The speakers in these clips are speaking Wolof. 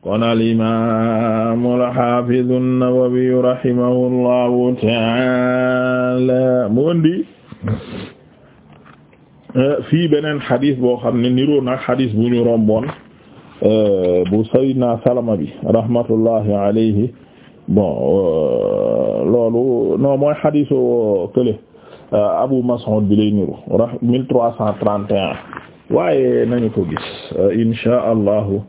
kon alimamu alhafidu an-Nawawi rahimahullahu taala mu andi eh, fii beneen xadis boo xam ne niroo nag xadis bu ñu romboon eh, bu sayyidina Salama bi rahmatullahi alayhi bon eh, loolu non mooy xadisu kële Abu Mas'ud bi lay niru mille trois cent trente et un waaye nañu ko gis inshaa Allahu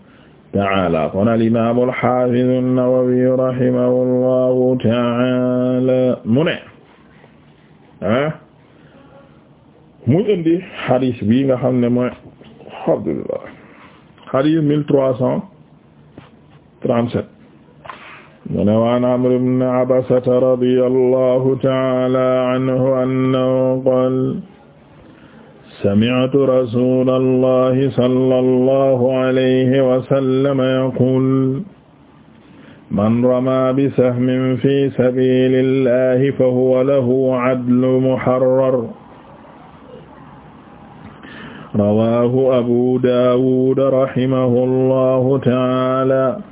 taala kon alimamu alhafidu an-Nawawi rahimahullahu taala mu ne ah muy indi hadis bi nga xam ne mooy alhamdulillah hadis mille trois cent trente-sept mu ne waan Amr ibn Abasa radiyallahu taala anhu annahu qala sami'tu rasuulallahi sallallahu alayhi wa sallam yaqul man ramaa bisahmin fi sabiilillahi fahuwa lahu adlu muharrar rawaahu abu daawuda rahimahullahu ta'aala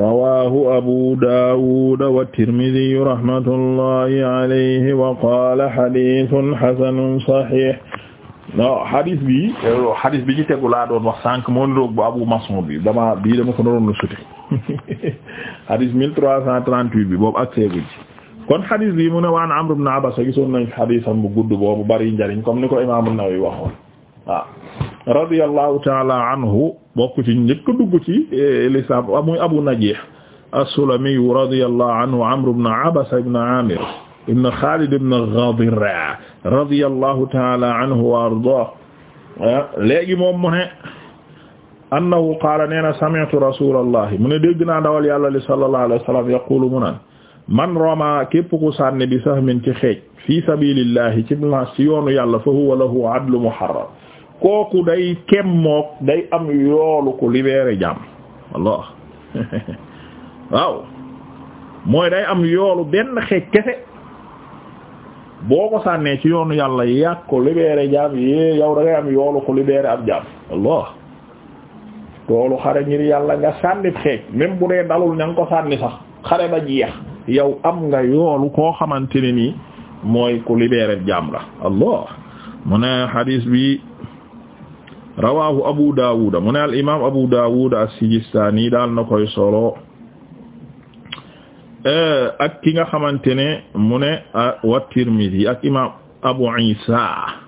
rawaahu abu daawuda wa tirmidiyu rahmatullahi alayhi wa qaala xadiisun xasanun saxiix non bi xadis bi ci tegu laa doon wax sànq moo niroog bu abu mas'ud bi dama bii dama ko naroon la suti xadis bi boobu ak seegu ji kon xadis bi mu ne waan amr ibn abasa gisoon nañ xadisam bu gudd boobu bari njariñ comme ni ko imaam an-Nawawi waxoon waaw radiyallahu ta'ala anhu bokk ci njëkk a dugg ci e, lislaam muy Abu Najiih as-Sulami radiyallahu anhu Amr ibn Abasa ibn Amir ibn Khalid ibn Ghadir radiyallahu ta'ala anhu wa ardaahu eh, léegi moom mu ne annahu qaala nee na sami'tu rasulallahi mu ne dégg naa dawal yàlla li sallallahu alayhi wa sallam yaqulu mu naan man roma képp ku sànni bi sahmin ci xeej fi sabilillahi ci yoonu yàlla fa huwa lahu adlu muharram kooku day kem mook day am yoolu ku libéré jaam Allah waaw mooy day am yoolu benn xeej kese boo ko sànnee ci yoonu yàlla yàq ko libéré jaam yée yow da ngay am yoolu ku libéré ab jaam Allah toolu xare ngir yàlla nga sànnib xeej même bu dee dalul ña ko sànni sax xare ba jeex yow am nga yoolu koo xamante ne nii mooy ku libéré jaam la Allah mu ne xadiis bi rawahu Abu Dawud mu ne al imaam Abu Dawud as-Sijistani daal na koy solo eh, ak ki nga xamante ne mu ne ah, wa Tirmidhi ak imaam Abu Isa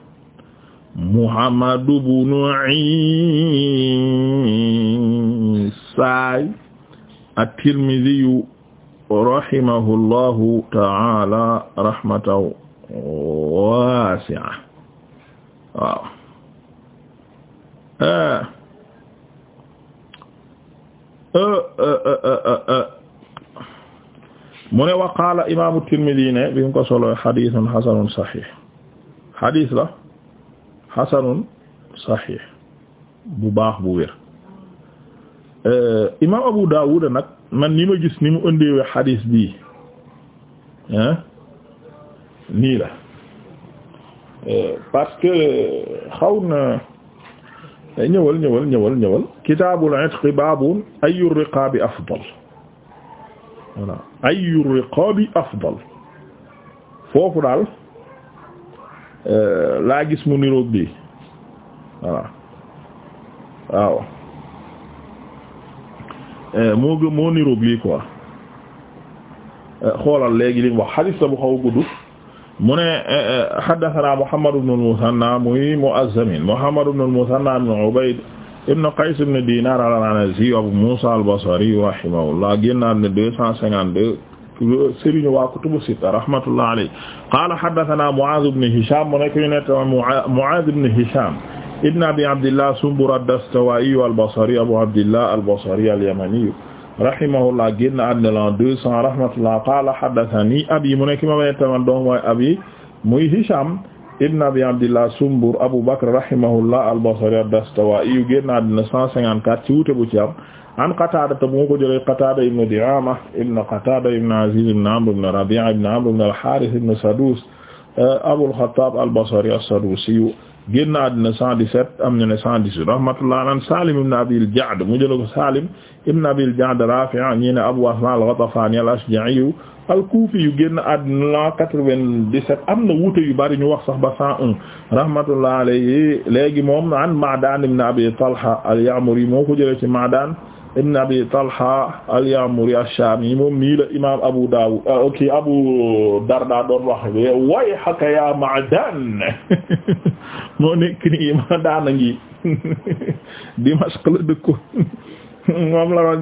Muhammad ibn Isa at-Tirmidhi rahimahullahu ta'ala rahmatan wasi'a waaw mu ne waqaala imaamu Tirmidi ne bi mu ko solo xadiisun xasanun saxiix xadiis la xasanun saxiix bu baax bu wér imaam Abu Daawuda nag man ni ma gis ni mu ëndeewee xadiis bii nii la parce que xaw na. Eh, ñëwal ñëwal ñëwal ñëwal kitaabul itqi baabun ayyu riqaabi afdal voilà ayyu riqaabi afdal foofu daal eh, laa gis mu niroog bi voilà waaw eh, moo moo niroog lii quoi xoolal léegi li mu wax xadiis bu xaw a gudd mu ne eh, eh, haddathana Muhammad ibn al-Muthanna muy Mu'azzamin Muhammad ibn al-Muthanna ibn Ubayd ibn Qays ibn Dinar al-Anazi Abu Musa al-Basri rahimahullah génnaat ne deux cent cinquante-deux sëriñu waa kutubu sitta rahmatullah alayhi qala haddathana Mu'az ibn Hisham mu nekk ñu ne Mu'az ibn Hisham ibn Abi Abdillah Sumbur ad-Dastuwa'i al-Basri Abu Abdillah al-Basri al-Yamani rahimahullah génn àddina l'an deux cent rahmatullah qala hadathani abi mu nekk ma ma nettaman donc mooy abi muy Hisham ibn abi abdillah Sumbur Abu Bakr rahimahullah al-Basri ad-Dastuwaa'i génn àddina cent cinquante-quatre ci wuute bu ci am an Qatada te mu ko jëlee Qatada ibn Di'ama ibn Qatada ibn Aziz ibn Amr ibn Rabi'a ibn Amr ibn al-Harith ibn Sadus Abul Khattab al-Basri as-Sadusi génn àddina 117 am ñu ne 118 rahmatullah an Salim ibn Abil Ja'd mu jël ko Salim ibn Abil Ja'd Rafi' ne Abu Asma al-Ghatafani al-Ashja'i al-Kufi yu génn àddina 97 am na wuute yu bari ñu wax sax ba 101 rahmatullah alayhi léegi moom an Ma'dan ibn Abi Talha al-Ya'muri moo ko jëlee ci Ma'dan ibn abi talha al shami moom nii imam abu dawud ah, ok abu darda doon wax way haka ya ma'dan moo nekk nii ma daana ngi dimashq la dëkko moom la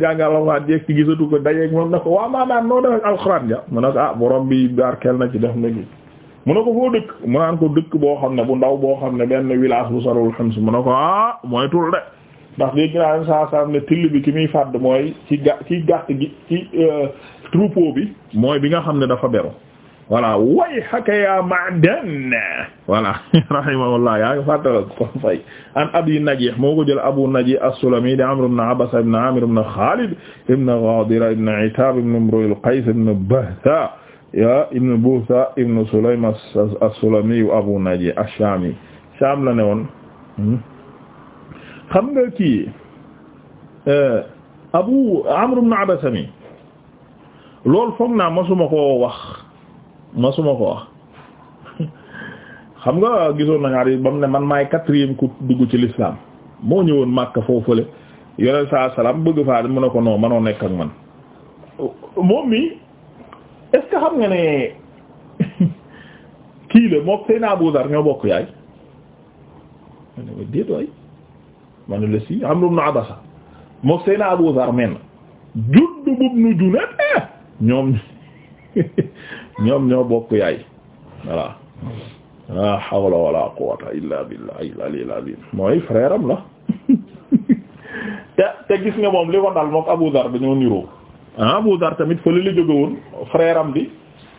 na ko waaw maanaam noo def ak alxuraan ja mu ko ah borom bi barkeel na ci def na mu ne ko foo dëkk mu ko dëkk boo xam ne bu ndaw boo xam ne benn village bu sarul Hims mu ko ah moytul de ndax dégg naa am saa saa ne till bi ki muy fàdd mooy ci ga ci gàtt gi ci euh, troupeau bi mooy bi nga xam ne dafa beru voilà way xaka ya Ma'dan voilà rahimahullah yaa ngi fàttala ko fay an abi Najih moo ko jël Abu Najih as-Sulami di Amr ibn Abasa ibn Amir ibn Khalid ibn Ghadira ibn Itab ibn Imru al-Qays ibn Bahtha ya ibn Buhtha ibn Sulaym as-Sulami Abu Najih ash-Shami Sham la ne woon hmm? xam nga kii euh, Abu Amr ibn Abasa mi loolu foog naa masuma koo wax masuma ko wax xam nga gisoon na xarit ba mu ne man maay quatrième ku dugg ci l'islam moo ñëwoon Makka foofule yoneen saa salaam bëgg faa mu ne ko non manoo nekk ak man moom mi est xam nga ne kii la mook Seydina Abu Dar ñoo bokk yaay ma ma ne la si Amru ibn Abasa moo Seyna Abu Zar men Judd ibn Junayd eh, ñoom ñoom ñoo bokk yaay voilà la hawla wala quwwata illa billahi al-aliyyil azim mooy frère la te te gis nga moom li ko dal moom Abu Zar dañoo niroo ah Abu Zar tamit fële la jóge woon frère am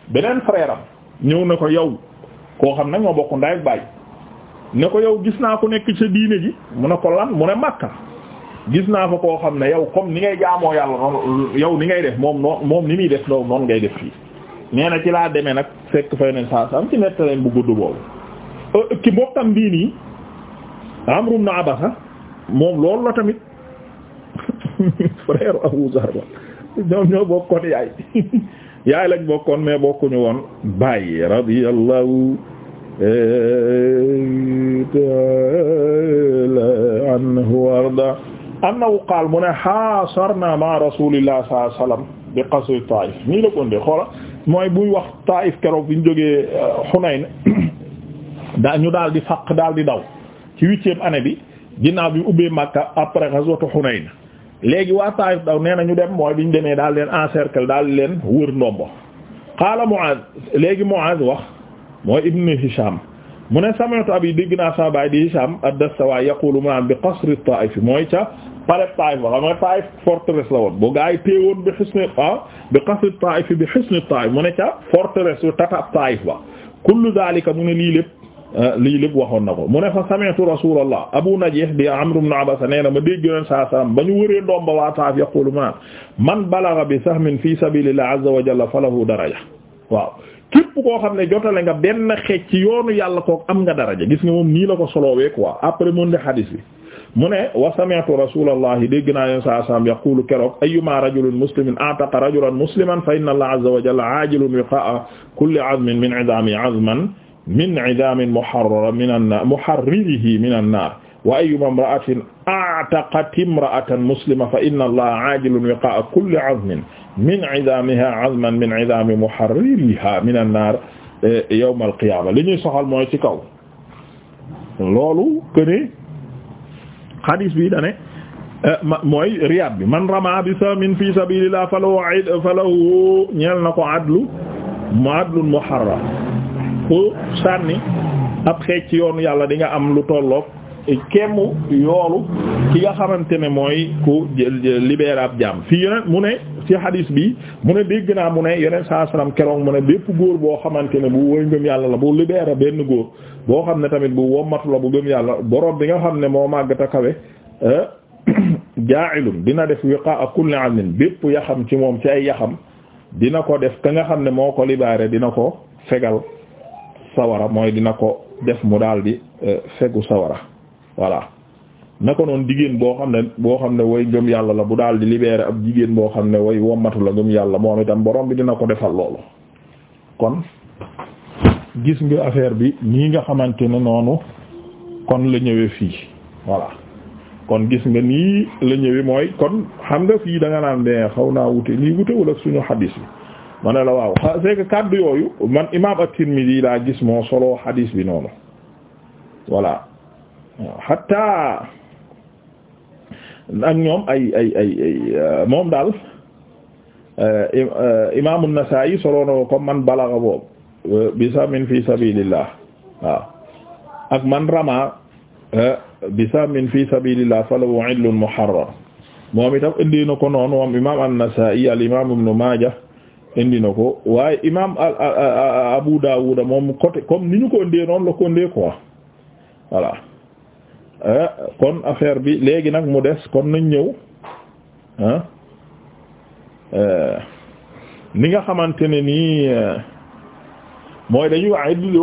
beneen frère ñëw na ko yow koo xam nag ñoo bokk ndaay ak baay ne ko yow gis naa ko nekk sa diine ji mu ne ko lan mu ne Makka gis naa fa koo xam ne yow comme ni ngay jaamoo yàlla noonu yow ni ngay def moom noonu moom ni muy def loolu noonu ngay def fii nee ci laa demee nag fekk fa yeneen saa am ci nettaleen bu gudd boobu euh, euh, ki mbokkam bii nii Amru ibn Abasa moom loolu la tamit frère Abu Zar ba ñoom ñoo bokkoon yaay yaay lañ bokkoon mais bokkuñu woon bàyyi radiyallahu taala anhu warda annahu qaal mu ne xaasarna ma rasulillah sallallahu alayhi wasallam bi qasri Taif nii la ko xoola mooy buy wax Taif keroog bi ñu jógee euh, Hunayn daa ñu daal di faq daal di daw ci huitième année bi ginnaaw bi ubbee Makka après ghazwatu Hunayn léegi waa Taif daw nee na ñu dem mooy bi ñu demee daal leen encercle daal leen wër ndombo qaala Mu'aaz léegi Mu'aaz wax mooy ibnu Hisham mu ne sami'tu abi dégg naa sama baay di Hisham ad-Dastawaay yaqulu mu naan bi qasri Taif mooy ca palais Taif ba xam nga Taif forteresse la woon bu gaa yi téewoon bi xisni ah bi qasri Taif bi xisni Taif mu ne ca forteresse su tata Taif ba kullu daalika mu ne lii lépp ah, lii lépp waxoon na ko mu ne fa sami'tu Rasulullah Abu Najih di Amr ibn Abasa nee na ma dégg Yonent saa salaam ba ñu wëree doom ba waa Taif yaqulu mu naan man balagha bi sahmin fi sabilillahi azza wa jalla falahu daraja waaw képp koo xam ne jotale nga benn xeej ci yoonu yàlla kook am nga daraja gis nga moom nii la ko solowee quoi après mun ne xadis bi mu ne wa sami'tu rasulallahi dégg naa leen saa saam yaqulu keroog ayyuma rajulin muslimin ataqa rajulan musliman fa inna allaha azza wa jalla ajilun wiqa'a kulli azmin min idami azman min idamin muharrara min annar muharririhi min annar wa ayyuma imra'atin ataqat imra'atan muslima fa inna allaha ajilun wiqa'a kulli azmin min idamiha azman min idami muharririha min an-nar e, yawm al-qiyama li ñuy soxal mooy ci kaw loolu kuene hadis bi dane e, mooy riyaad bi man rama bi samin fi sabilillah falahu falahu ñeel na ko adlu mu adlun muharram ku sànni ab xeec ci yoonu yàlla di nga am lu tolloog kemm yoolu ki nga xamante ne mooy ku libérer ab jaam fii mu ne ci hadis bi mu ne dégg naa mu ne yeneen saa salaam keroog mu ne bépp góor boo xamante ne bu woy ngëm yàlla la bu libéré benn góor boo xam ne tamit bu wommatu la bu gëm yàlla borom bi nga xam ne moo màgg ta kawe eh, jaa'ilun dina def wiqaa kulli amin bépp yaxam ci moom ci ay yaxam dina ko def ka nga xam ne moo ko libéré dina ko fegal sawara mooy dina ko def mu daal di eh, fegu sawara voilà na ko noonu jigéen boo xam ne boo xam ne way gëm yàlla la bu daal di libéré ab jigéen boo xam ne way wommatu la gëm yàlla moom itam borom bi dina ko defal loolu kon gis nga affaire bi nii nga xamante ne noonu kon la ñëwee fii voilà kon gis nga nii la mooy kon xam nga fii danga nga naan ne xaw naa wute lii wutewul ak suñu xadis bi ma ne la waaw c'est que kaddu yooyu man imaam at-Tirmidhi laa gis moo solo xadis bi noonu voilà hatta ak ñoom ay ay euh, moom daal euh, euh, imaamu Nasaa'i solo na ko man balaga boobu bi samin fi sabilillah ak man rama bi samin fi sabilillah falahu illun muharrar moom itam indi na ko noonu moom imaam al imaam ibnu Maaja indi na ko waaye imaam Abu Daawuda moom côté comme ni ñu ko indee noonu Ah, kon affaire bi léegi nag mu des kon nañ ñëw ah eh, ni nga xamante ne nii eh, mooy dañuy wax ay li la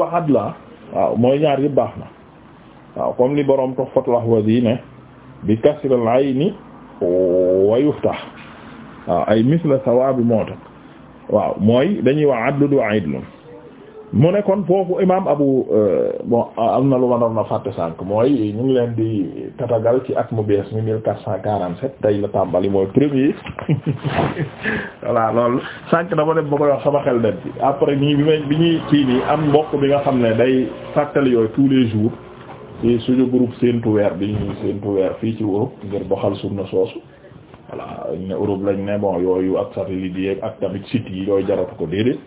waaw mooy ñaar yëpp baax na waaw comme li borom Tuhfatul Ahwazi ne bi kasril ayni wa yuftah waaw ay misla sawabi moo tax waaw mooy dañuy wax adlu du adlu mu ne kon foofu imaam abu euh, bon am na lu ma doon na fàtte sànq mooy ñu ngi leen di tatagal ci at mu bees mi mille quatre cent quarante sept tey la tàmbali mooy premier voilà loolu sànq dama dem ba koy wax sama xel dem après nii bi may bi ñuy kii nii am mbokk bi nga xam ne day fàttali yooyu tous les jours ci suñu groupe séentu weer bi ñuy séentu weer fii ci Europe ngir doxal sunna soosu voilà ñu ne Europe lañ ne bon yooyu ak satellite yi ak tamit site yi yooyu jaratu ko déedéet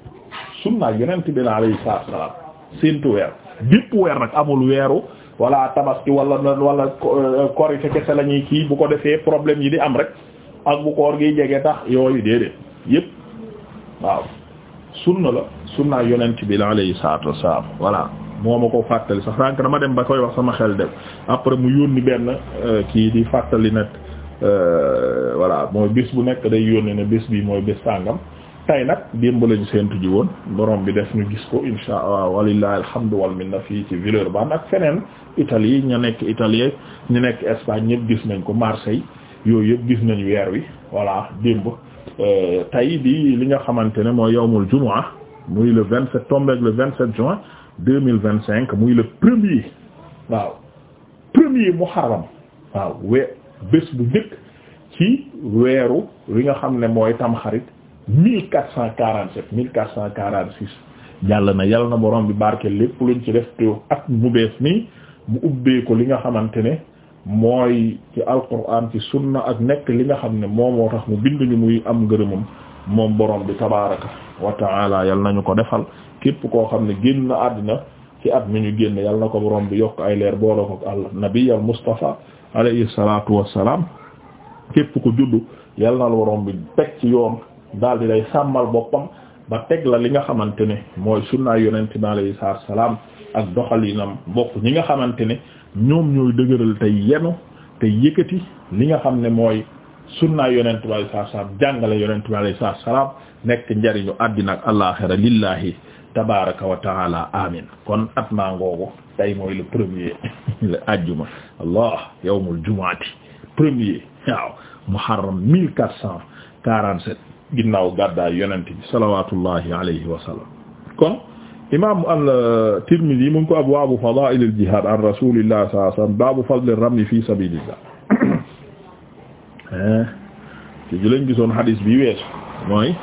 sunna yonent bi na alayhi salaatu wa salaam séntu weer bépp weer nag amul weeru wala tabaski wala wala euh, korite kese la ñuy kii bu ko defee problème yi di am rek ak bu koor gi jege tax yooyu déedéet yépp waaw sunna la sunna yonent bi la alayhi salaatu wa salaam voilà moo ma ko fàttali sax sànq dama dem ba koy wax sama xel dem après mu yónni benn euh, kii di fàttali nag euh, voilà mooy bés bu nekk day yónni ne bés bi mooy bis sàngam tay nag démb lañu séentu ji woon borom bi def ñu gis ko insha allah walillahi alhamdu wal na fii ci Villeurbanne ak feneen Italie ña nekk Italie ñu nekk Espagne ñëpp gis nañ ko Marseille yooyu yëpp gis nañ weer wi voilà démb euh, tay bi li nga xamante ne mooy yawmul jumaa muy le vingt sept tombé le vingt sept juin deux mille vingt cinq muy le premier waaw premier muharram waaw we bés bu njëkk ci weeru li nga xam ne mooy tamxarit mille quatre cent quarante-sept mille quatre cent quarante-six jàll na yàlla na borom bi barke lépp luñ ci def te at mu bees nii mu ubbee ko li nga xamante ne mooy ci alquran ci sunna ak nekk li nga xam ne moom moo tax mu muy am ngërëmam moom borom bi tabaraka wa taala yal nañu ko defal képp koo xam ne génn na àddina ci at mi ñu génn yal na ko borom bi yokk ay leer boole ko al nabi al mustafa alayhi salatu salaam képp ko juddu yal na la bi teg ci yoon daal di lay sàmmal boppam ba teg la li nga xamante ne mooy sunnaay yonente bi alayhi salaatu salaam ak doxalinam mbokk ñi nga xamante ne ñoom ñooy dëgëral tey yenu te yëkkati li nga xam ne mooy sunnaay yonente bi alayhi salaatu salaam jàngale yonenti bi alayhi salaatu nekk njariñu àddina ak àllaaxira lillahi tabaraka wa taala amin kon at maa ngoogu tey mooy le premier le ajjuma allah yawmul jumaati premier waaw muharram mille quatre cent quarante-sept ginnaaw gàddaay yonent bi salawatullahi alayhi wa sallam kon imam al-Tirmidhi mu ngi ko abwaabu fadaa'il al-jihaad an rasuulillah sallallahu alayhi wa sallam baabu fadl ar-ramy fi sabiilillah te ji lañ gisoon hadis bi weesu mooy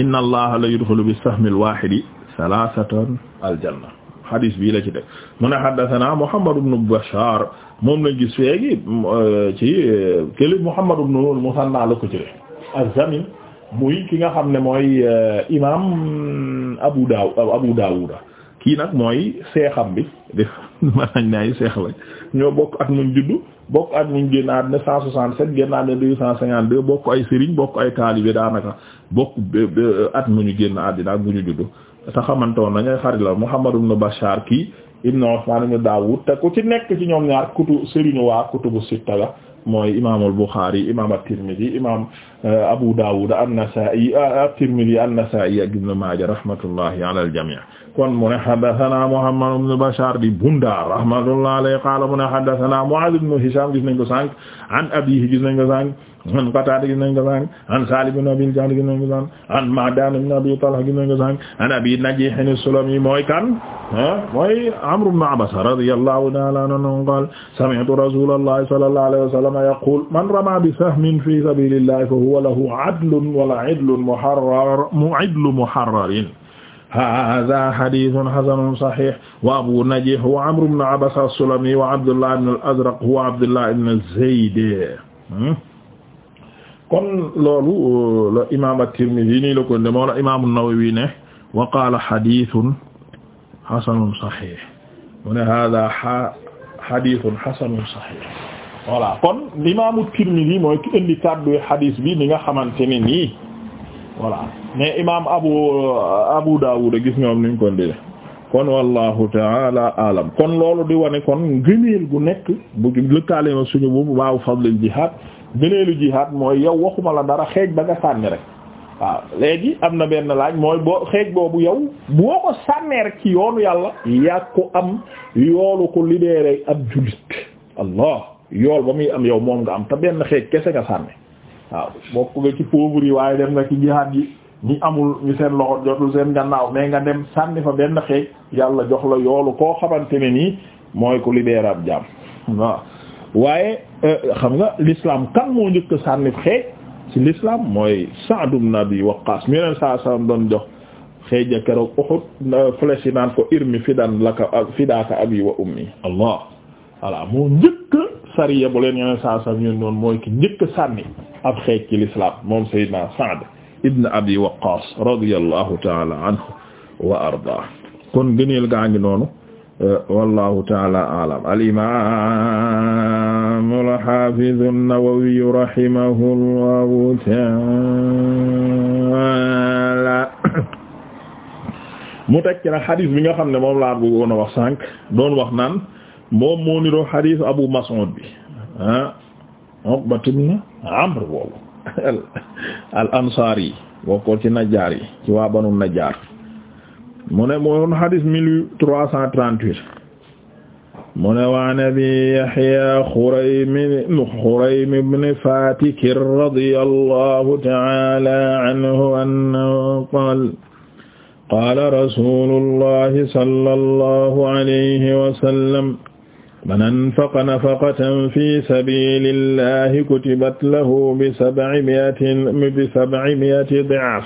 inna allaha la yudxilu bis-sahmi al-waahidi salaasatan al-janna hadis bii la ci teg mu ne haddathana Muhammad ibn Bashar moom lañ gis feegi ci këli Muhammad ibn al-Muthanna la ko jëlee az-Zamin muy ki nga xam ne mooy euh, imaam Abu Daaw euh, Abu Daawuda kii nag mooy seexam bi def manañ ne ay seex la ñoo bokk at muñ juddu bokk at muñ génn àddina cent soixante-sept génn àddina deux cent cinquante-deux bokk ay sëriñ bokk ay taalibe daanaka bokk at muñu génn àddina ak mu ñu juddu te xamantoon nañ ay xarit la Muhammad na Bashar kii ibn Usman ibn Daawud te ku ci nekk ci ñoom ñaar kutu sëriñu waa bu sitta la mooy imaamul Buxaari imaam at-Tirmidi imaam euh, Abu Daawud an-Nasaa'i euh, at-Tirmidi an-Nasaa'i ak Ibn Maaja rahmatullahi ala al-jamii' kon mu ne haddasanaa Muhammad ibn Bashaar di Bundaar rahmatullahi alayhi qaala mu ne haddasanaa Mu'aaz ibn Hishaam gis nañ ko sànq an abiihi gis nañ ko sànq an Qataada gis nañ ko sànq an Salim ibn Abi Jahd gis nañ ko sànq an Ma'dan ibn Abi Talha gis nañ ko sànq an Abi Najih as-Sulami mooy kan mooy Amr ibn Abasa radiyallahu ta'ala anhu qala sami'tu Rasulallahi sallallahu alayhi wa sallam yaqul man rama bi sahmin fi sabilillahi fa huwa lahu 'adlun wala 'idlun muharrar mu'idlu muharrarin hada xaditun xasanun saxix wa abou najih wa amru bne abasa as-sulami wa abdullah ibne al-azraq wa abdullah ibne zayd hmm? kon loolu euh, la imaam at-Tirmidhi nii la ko indi moo la imaam an-Nawawi ne wa qaala hadithun hasanun sahih mu ne kon imaam at mooy ki indi kàddu hadith bi ni nga xamante ne nii voilà mais imaam Abu euh, Abu Dawud gis ñoom ni ñu ko indi kon wallahu taala alam kon loolu di wane kon ngëneel gu nekk bu lëkkaale ma suñu boobu baabu fadlil jihad gëneelu jihaad mooy yow waxuma la dara xeej ba nga sànni rek waaw léegi am na benn laaj mooy boo xeej boobu yow boo ko sànnee rek ci yoonu yàlla yaa ko am yoolu ko libéré ab jullit allah yool ba muy am yow moom nga am te benn xeej kese nga sànni waaw bokk nga ci pauvre yi waaye dem nga ci jihaad yi ñu amul ñu seen loxo jotul seen gannaaw mais nga dem sànni fa benn xeej yàlla jox la yoolu koo xamante nii mooy ko libéré ab jaam waaw waaye euh, xam nga l'islam kan moo njëkk a sànni xeej ci l'islam mooy Sa'd ibn Abi Waqqas mi yeneen saa sallam doon jox xeej keroog Uhud euh, flèche naan ko irmi fidan laka abi wa ummi allah voilà moo njëkk sariya bu leen yeneen saa sallam ñun mooy ki njëkk sànni ab xeej ci l'islam moom Seydina Sa'd ibn Abi Waqqas radiyallahu ta'ala anhu wa arda kon gëneel gaa ngi noonu Uh, wallahu taala alam alimamu alhafidu nnawawiyu rahimahu llahu taala mu tekki nag xadis bi nga xam ne moom laa bëggoon a wax sànq doon wax naan moom moo niroo xadis Abu Mas'ud bi ah Uqbat ibn Amr boobu al ansari bokkoo ci najjaar yi ci waa banu najjaar mu ne moon hadis mille trois cent trente-huit mu ne waan abi Yahya Xuraym Xuraym ibn Fatik radiyallahu ta'ala anhu annahu qaala qaala rasuulullahi sallallahu alayhi wa sallam man anfaqa nafaqatan fi sabiilillahi kutibat lahu bi sab'i mi'ati bi sab'i mi'ati di'af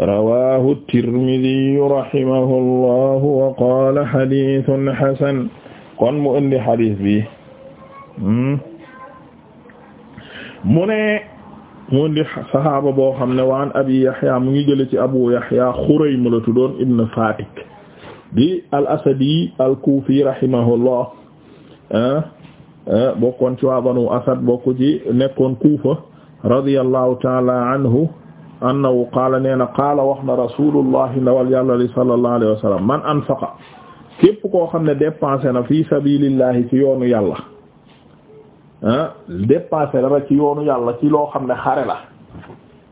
rawaahu tirmidiyu rahimahullahu wa qaala xadiisun xasan kon mu indi xadiis bi hmm? mu ne mu indi saxaaba boo xam ne waan abi yaxya mu ngi jële ci abu yaxya xuraym la tuddoon ibn fatik di al asadi al kuufi rahimahullah eh? Eh? bokkoon ci waa banu asad bokku ci nekkoon kuufa radiyallahu taala anhu annahu qaala nee na qaala wax na rasulullahi ndawal yàlla li sallallahu alayhi wa sallam man anfaqa képp koo xam ne dépensé na fi sabilillahi ci yoonu yàlla ah dépensé dara ci yoonu yàlla ci loo xam ne xare la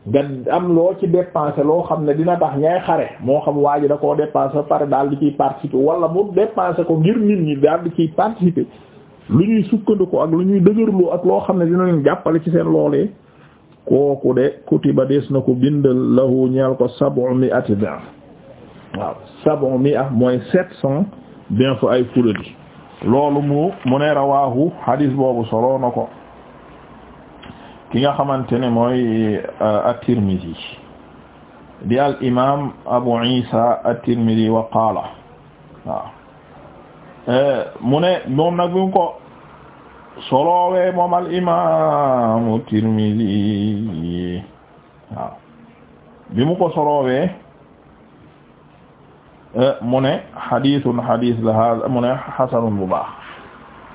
nga am loo ci dépensé loo xam ne dina tax ñay xare moo xam waa ji da koo dépensé ba pare daal di ciy participer wala mu dépensé ko ngir nit ñi daal di ciy participer lu ñuy sukkandiku ak lu ñuy dëgërloo ak loo xam ne dina leen jàppale ci seen loolee kooku de ba des na ko bindal lahu ñeel ko sab'u mi'ati bi'f waaw sab'u mi'a mooy sept cent ay fuladi loolu mu mu ne rawaahu hadis boobu solo na ko ki nga xamante ne mooy euh, at-Tirmidhi di al imaam Abu Isa at-Tirmidhi wa qaala euh, mu ne moom nag bu ko solowee moom al imaamu Tirmidi waaw bi mu ko solowee eh, mu ne xadiisun xadiis la hada mu ne xasanun bu baax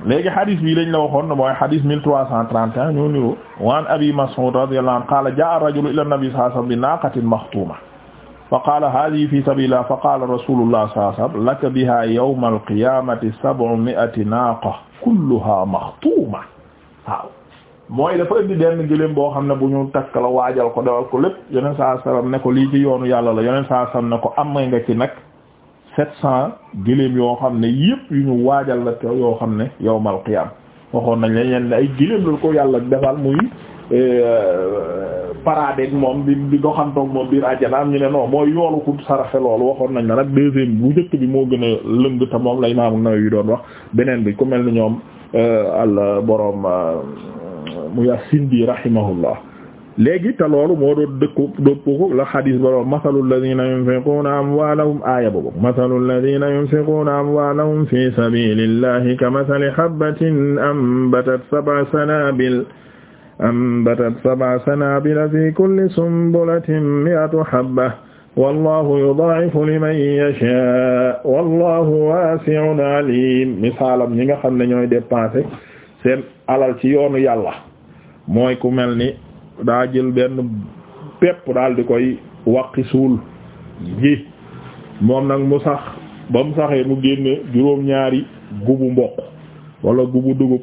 léegi xadiis bi lañ la waxoon mooy xadiis mille trois cent trente et un ñu niru waan abi Mas'ud radiyallahu anhu qaala jaa rajulu ila nabi sallallahu alayhi wasallam bi naaqatin maxtuuma fa qaala haadihi fi sabiilillah fa qaala rasuulullah sallallahu alayhi wasallam laka bihaa yawmal qiyaamati sab'u mi'ati naaqa kulluha maxtuuma waaw mooy dafa indi benn gëléem boo xam ne bu ñu takk la waajal ko dawal ko lépp yeneen saa sallam ne ko lii ci yoonu yàlla la yeneen saa sallam ne ko amee nga ci nag sept cent gëléem yoo xam ne yëpp yu ñu waajal la te yoo xam ne yawmal qiyaam waxoon nañ leen yenn ay gëléem la ko yàlla defal muy euh, paraadeeg moom bi di doxantoog moom biir àjjana am ñu ne non mooy yoolu ku saraxe loolu waxoon nañ la nag deuxième bu njëkk bi moo gën a lëng te moom la Imaam An-Nawawi doon wax beneen bi ku mel ni ñoom euh, al boroom euh, muy as-Sindi rahimahullah léegi ta loolu moo doon dëkku dëppuko la xadis boroom masalul ladina yunfiquna amwalahum aaya boobu masalul ladina yunfiquna amwalahum fi sabilillahi ka masali habatin ambatat sab'a sanabil anbatat sab'a sanaabila fi kulli sumbulatin mi'atu habba wallahu yudaa'ifu liman yashaa wallahu waasi'un aliim misaalam ñi nga xam ne ñooy dépenser seen alal ci yoonu yàlla mooy ku mel ni daa jël benn pepp daal koy waqi suul ji moom nag mu sax ba mu saxee mu génne juróom-ñaari gubu mboq wala gubu dugub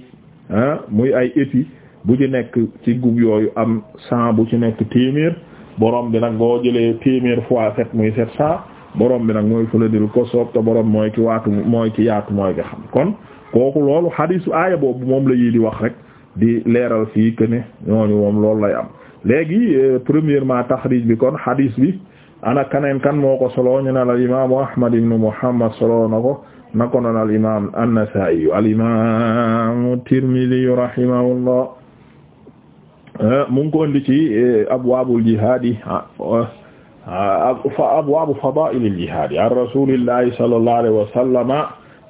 ah muy ay épi bu ci nekk ci gub yooyu am cent bu ci nekk téeméer boroom bi nag boo jële téeméer fois sept muy sept cent borom bi nag mooy fële di ko soob te borom mooy ki waatu mooy ki yaatu mooy ki xam kon kooku loolu xadiisu aaya boobu moom la yii di wax rek di leeral fii que ne ñooñu moom loolu lay am. léegi euh, premièrement taxriij bi kon xadiis bi ana kaneen kan moo ko solo ñu ne al imaamu Ahmad ibn Muhammad solo na ko na ko noon al imaam an-Nasaa'i al imaamu Tirmidhi rahimahullah Eh, mu ngi ko indi ci eh, abwaabul jihaadi ah, ah, abwaabu fadaa'ilil jihaadi an rasuulillahi sallallahu alayhi wa sallama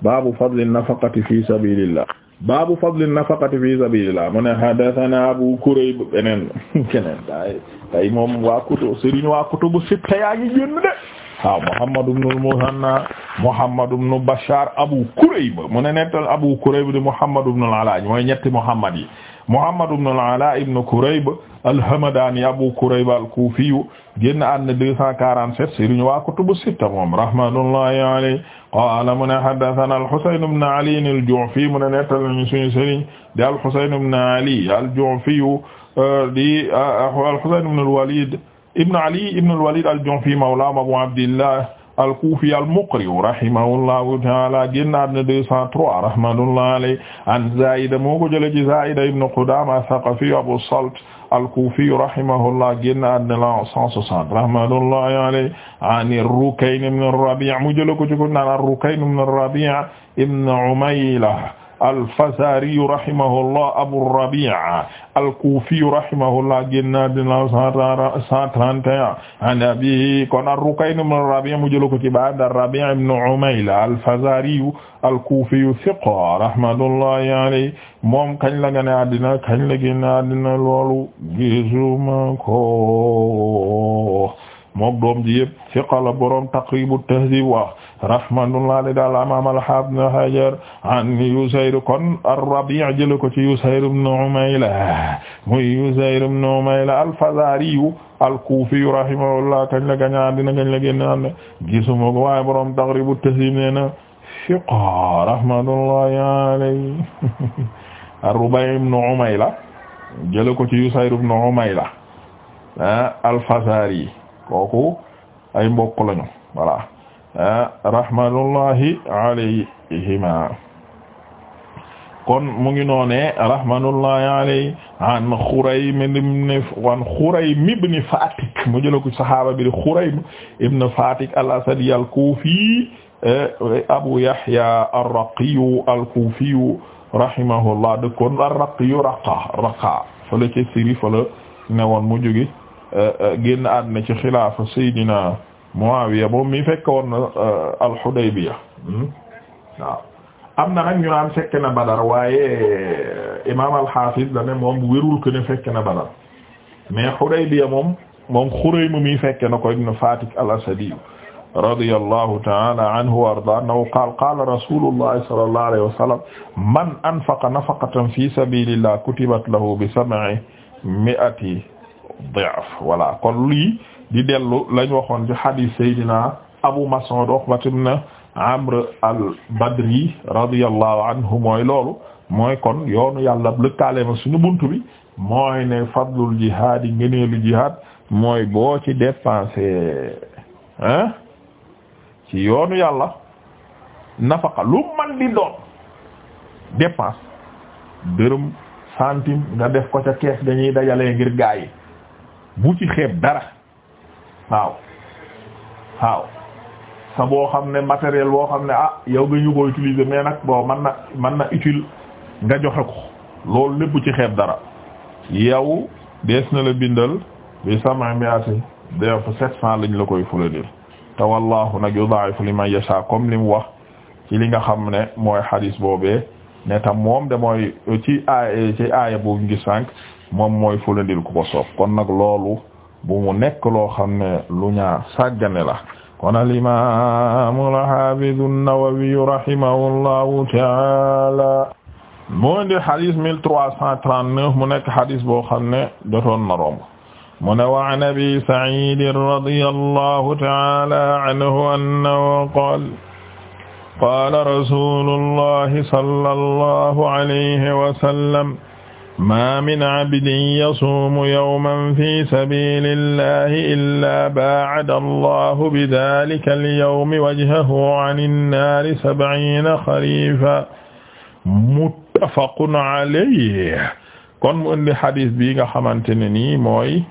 baabu fadli nafaqati fi sabiilillah baabu fadli nafaqati fi sabiilillah mu ne haddasanaa Abu Kurayb beneen keneen tay tay moom waa kutu Serigne waa kutu bu sitta yaa ngi génn de waaw Muhammad ibnul Musanna Muhammad ibnu Bashaar Abu Kurayb mu ne nettal Abu Kurayb di Muhammad ibnul Alaa mooy ñetti Muhammad yi Muhammad ibn al-Ala ibn Kurayb al-Hamadani Abu Kurayb al-Kufi génn àddina 247 sëriñ waa kutubu sitta moom rahmatullahi alayhi qaala mu ne haddathana al-Husayn ibn Ali al-Ju'fi mu ne nettal nañu suñu sëriñ di al-Husayn ibn Ali al-Ju'fi di al-Husayn ibn al-Walid ibn Ali ibn al-Walid al-Ju'fi mawla Abu Abdillah al-Kufi al-Muqri rahimahullahu ta'ala génnaat na 203 rahmatullahi alayhi an Zaida moo ko jëlee ci Zaida ibn Qudama ath-Thaqafi Abu Salt al-Kufi rahimahullah génnaat na la 160 rahmatullahi alayhi an ar-Rukayn ibn ar-Rabi' mu jëlee ko ci ko naan ar-Rukayn ibn ar-Rabi' ibn Umayla al-Fazaariyu rahimahullah Abu Rabi' al-Kuufiyu rahimahullah génnaa dina cent trente et un an abi kon ar-Rukayn ibn Rabi' mu jël ko ci baab ar-Rabi' ibn Umayla al-Fazaariyu al-Kuufiyu thiqa rahmatullahi alayhi moom kañ la génn àddina kañ la génn àddina loolu gisuma ko mook doom ji yëpp fiqala borom taqribu tahdib wa rahmatullah le daal imam al-hafiz ibn hajar an Yusayr kon ar-Rabi' jële ko ci Yusayr ibn Umayla muy Yusayr ibn Umayla al-Fazari al-Kufi rahimahullah kañ la gañaa dina kañ la génnaam ne gisuma ko waaye borom taqribu tahdib nee na fiqa rahmatullahi alayhi ar-Rubai' ibn Umayla jële ko ci Yusayr ibn Umayla ah, al-Fazari kooku ay mbokk lañu voilà rahmatullahi alayhima kon mu ngi noone rahmatullahi alayhi an Xuraym ibn wan Xuraym ibn Fatik mu jëla ko sahaaba bi di Xuraym ibn Fatik al-Asadi al-Kufi Abu Yahya ar-Raqi al-Kufi rahimahullah dëkkoon ar-Raqi Raqa Raqa fala ca Syrie fala newoon mu jóge génn àdduna ci xilaafa Seydina Muawiya moom mi fekk woon na uh, al-Hudaybiya hmm? waaw am na nag ñu naan fekk na Badar waaye uh, imaam al-Hafiz dane moom wérul ko ne fekk na Badar mais Hudaybiya moom moom Xuraym mi fekk na ko ibn Fatik al-Asadi radiyallahu ta'ala anhu wa arda annahu qaala qaala rasulullahi sallallahu alayhi wa sallam man anfaqa nafaqatan fi sabilillah kutibat lahu bi sab'i mi'ati voilà kon lii di dellu lañ waxoon ci hadith Seydina Abu Mas'ud Uqbat ibn Amr al-Badri radiyallahu anhu mooy loolu mooy kon yoonu yàlla lëkkaale ma suñu bunt bi mooy ne fadlul jihaad yi jihaad mooy boo ci dépensé hein ci yoonu yàlla nafaqa lu man di doon dépense dërëm centime nga def ko ca kees dañuy dajalee ngir gaa yi bu ci xeeb dara waaw waaw sa boo xam ne matériel boo xam ne ah yow nga ñu ko utiliser mais nag bon man na man na utile nga joxe ko loolu lépp bu ci xeeb dara yow dees na la bindal bi sama miati def sept cent lañ la koy fulanil te wallahu nag yudaa'ifu liman yasha comme li mu wax ci li nga xam ne mooy xadis boobee ne moom de mooy ci aay ci aaya bu ngi sànq moom mooy fulandil ku ko soob kon loolu bu mu nekk loo xam ne lu ñaar sàggane la kon al imam al hafiz an-Nawawi rahimahullahu taala moo indi hadis mille trois cent trente-neuf mu nekk hadis boo xam ne jotoon na romb mu ne wa an abi Sa'id radiyallahu taala anhu annahu qaala qaala rasulullahi sallallahu alayhi wa sallam ma min abdin yasuumu yawman fi sabiilillahi illaa baacada allahu bidaalika alyawmi wajhahu ani nnaari sabciina xariifa muttafaqun alayhi kon mu indi xadis bi nga xamante ne nii mooy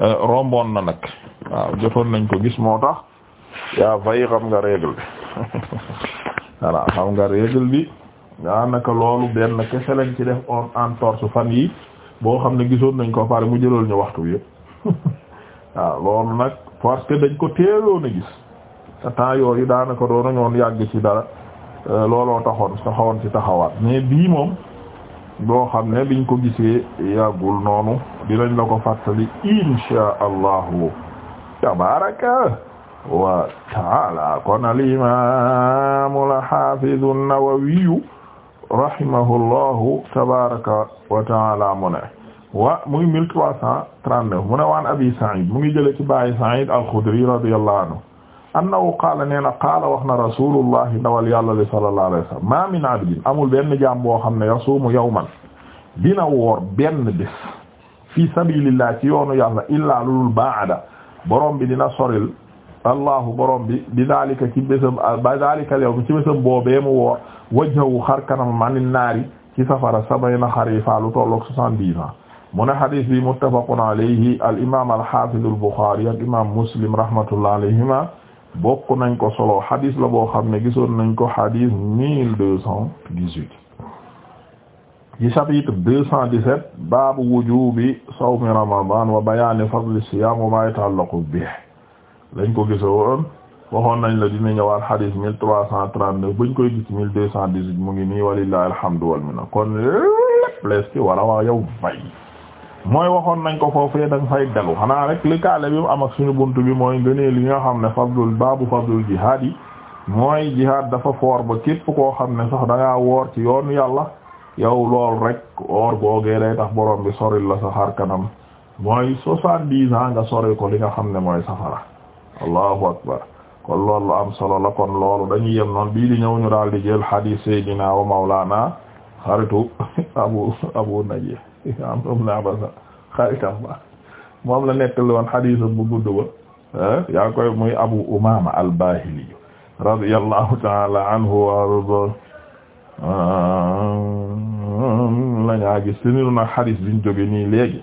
eh, romboon na nag waaw jotoon nañ ko gis moo tax yaa fay xam nga règle bi voilà xam nga règle bi daanaka loolu benn kese lañ ci def on entorse fan yi boo xam ne gisoon nañ ko pare mu jëlool ñu waxtu yëpp waaw loolu nag parce que dañ ko teeloon a gis te temps yooyu daanaka doon nañoon yàgg ci dara euh, looloo taxoon xawoon ci taxawaat mais bii moom boo xam ne biñ ko gisee yàggul noonu dinañ la ko fàttali insha allahu tabaraka wa taala kon al imaamul xaafizu nawawiyu rahimahullahu tabaraka wa taala mu ne wa mu ngi mille trois cent trente-neuf mu ne waan abi Sa'id mu ngi jële ci bàyyi Sa'id al-Khudri radiyallahu anhu annahu qaala nee na qaala wax na rasulullahi ndawal yàlla li sallallahu alayhi wa sallam ma min abdin amul benn jaam boo xam ne yasuumu yawman dina woor benn bés fi sabilillah ci yoonu yàlla illaa lulul baada borom bi dina soril allahu borom bi bi daalika ci bésam ba daalika yow ci bésam boobee mu woor kanam manin naari ci safara sabayna xarifa lu tolloog soixante-dix ans mu ne hadis bi muttafaqun alayhi al imam al hafiz muslim rahmatullah alayhima bokk nañ ko solo hadis la boo xam ne gisoon nañ ko hadis mille deux cent dix-huit ramadan wa bayani fadli siyam wa ma yata'allaqu bihi lañ ko gisa woon waxoon nañ la dina ñëwaat xadis mille trois cent trente-neuf buñ koy gis mu ngi nii walillahi alhamdu wal minna kon lépp lees ci wala waa yow fay mooy waxoon nañ ko foofee dañ fay dellu xanaa rek li kaale bi mu am ak suñu bunt bi mooy ngënee li nga xam ne fadlul baabu fadlul jihaad yi mooy jihaad dafa foor ba képp koo xam ne sax da woor ci yoon yàlla yow lool rek woor googee tax boroom bi soril la sa xar kanam mooy soixante-dix ans nga sori ko li nga xam ne mooy safara allahu akbar kon loolu am solo la kon loolu dañuy yem noonu bii di ñëw ñu daal di jël hadith Seydina wa Mawlana xaritu Abu Abu Najih Amr ibn Abasa xaritam ba moom la nekkal woon bu gudd ba eh, yaa koy muy Abu Umama al-Bahili radiyallahu ta'ala anhu wa arda ah, la ñaa gis te niru nag hadith biñ jóge nii léegi